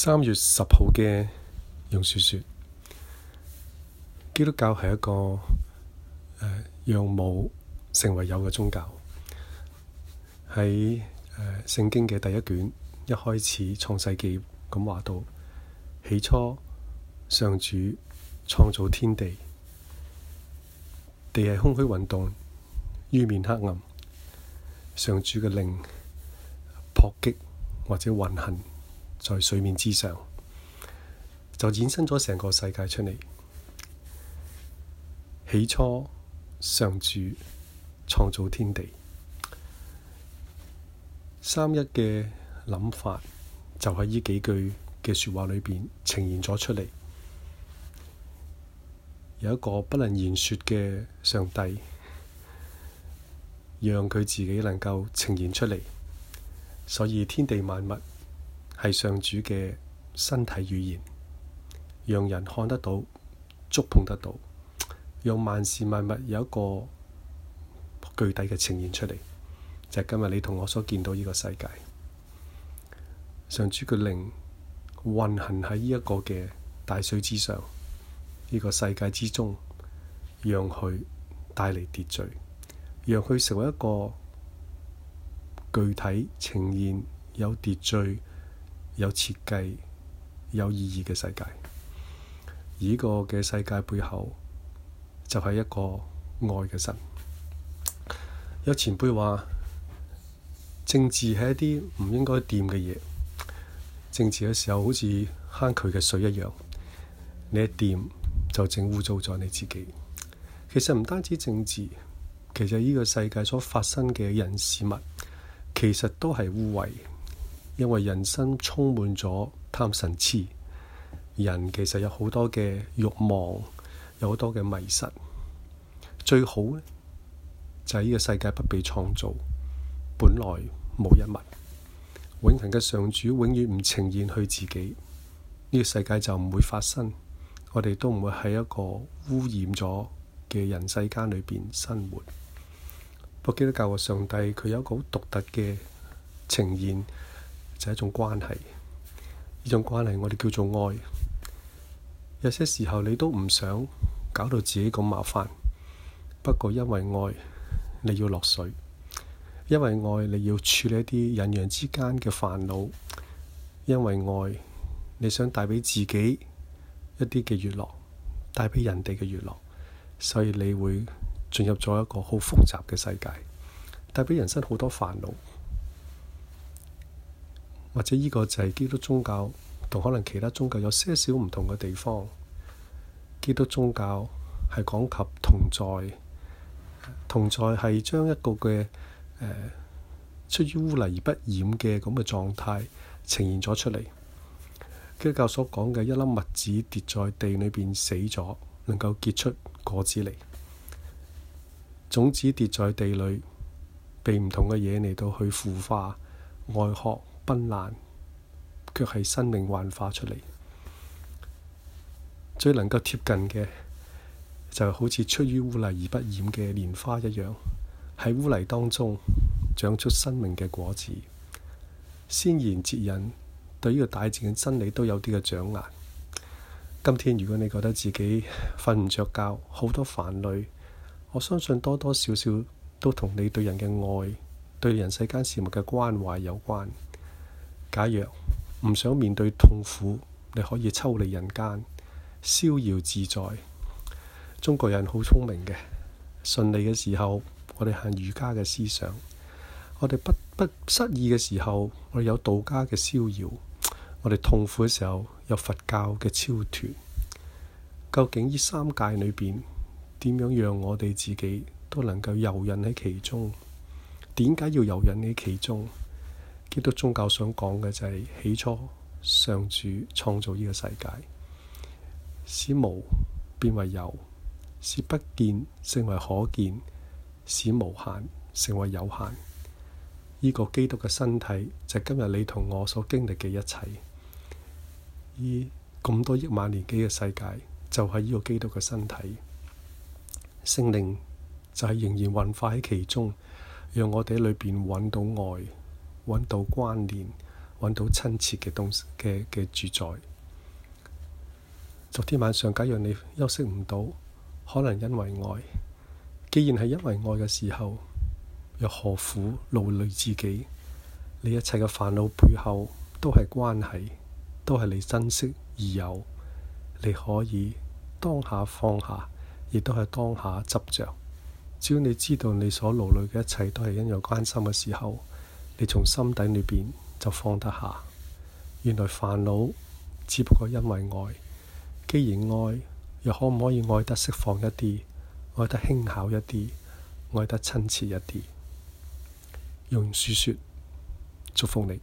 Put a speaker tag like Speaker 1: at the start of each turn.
Speaker 1: 三月十號嘅楊雪雪，基督教係一個誒讓無成為有嘅宗教。喺誒聖經嘅第一卷一開始創世記咁話到，起初上主創造天地，地係空虛混沌，淵面黑暗。上主嘅靈撲擊或者運行，在水面之上，就衍生咗成個世界出嚟。起初，上主創造天地。三一嘅諗法就喺呢幾句嘅說話裏邊呈現咗出嚟。有一個不能言說嘅上帝，讓佢自己能夠呈現出嚟，所以天地萬物。係上主嘅身體語言，讓人看得到、觸碰得到，讓萬事萬物有一個具體嘅呈現出嚟，就係今日你同我所見到呢個世界。上主嘅靈運行喺呢一個嘅大水之上，呢個世界之中，讓佢帶嚟秩序，讓佢成為一個具體呈現有秩序，有設計，有意義嘅世界，而呢個嘅世界背後就係一個愛嘅神。有前輩話，政治係一啲唔應該掂嘅嘢。政治嘅時候好似坑渠嘅水一樣，你一掂就整污糟咗你自己。其實唔單止政治，其實呢個世界所發生嘅人事物，其實都係污穢。因為人生充滿咗貪、嗔、痴，人其實有好多嘅慾望，有好多嘅迷失。最好咧就喺、是、呢個世界不被創造，本來無一物。永恆嘅上主永遠唔呈現佢自己，呢、這個世界就唔會發生，我哋都唔會喺一個污染咗嘅人世間裏邊生活。伯基督教嘅上帝佢有一個好獨特嘅呈現。就係一種關係，呢種關係我哋叫做愛。有些時候你都唔想搞到自己咁麻煩，不過因為愛，你要落水，因為愛你要處理一啲人與人之間嘅煩惱，因為愛你想帶俾自己一啲嘅娛樂，帶俾人哋嘅娛樂，所以你會進入咗一個好複雜嘅世界，帶俾人生好多煩惱。或者呢個就係基督宗教同可能其他宗教有些少唔同嘅地方。基督宗教係講及同在，同在係將一個嘅、呃、出於污泥而不染嘅咁嘅狀態呈現咗出嚟。基督教所講嘅一粒麥子跌在地裏邊死咗，能夠結出果子嚟；種子跌在地裏，被唔同嘅嘢嚟到去腐化外殼。崩爛，卻係生命幻化出嚟。最能夠貼近嘅，就好似出於污泥而不染嘅蓮花一樣，喺污泥當中長出生命嘅果子。先賢哲人，對呢個大自然嘅真理都有啲嘅掌握。今天如果你覺得自己瞓唔着覺，好多煩累，我相信多多少少都同你對人嘅愛、對人世間事物嘅關懷有關。假若唔想面對痛苦，你可以抽離人間，逍遙自在。中國人好聰明嘅，順利嘅時候，我哋行儒家嘅思想；我哋不不失意嘅時候，我哋有道家嘅逍遙；我哋痛苦嘅時候，有佛教嘅超脫。究竟呢三界裏邊點樣讓我哋自己都能夠遊刃喺其中？點解要遊刃喺其中？基督宗教想講嘅就係，起初上主創造呢個世界，使無變為有，使不見成為可見，使無限成為有限。呢、這個基督嘅身體就係今日你同我所經歷嘅一切。而咁多億萬年紀嘅世界就係呢個基督嘅身體，聖靈就係仍然運化喺其中，讓我哋喺裏邊揾到愛，揾到關聯，揾到親切嘅東西嘅嘅主宰。昨天晚上，假如你休息唔到，可能因為愛。既然係因為愛嘅時候，又何苦勞累自己？你一切嘅煩惱背後都係關係，都係你珍惜而有。你可以當下放下，亦都係當下執着。只要你知道你所勞累嘅一切都係因有關心嘅時候。你從心底裏邊就放得下，原來煩惱只不過因為愛。既然愛，又可唔可以愛得釋放一啲，愛得輕巧一啲，愛得親切一啲？用書説，祝福你。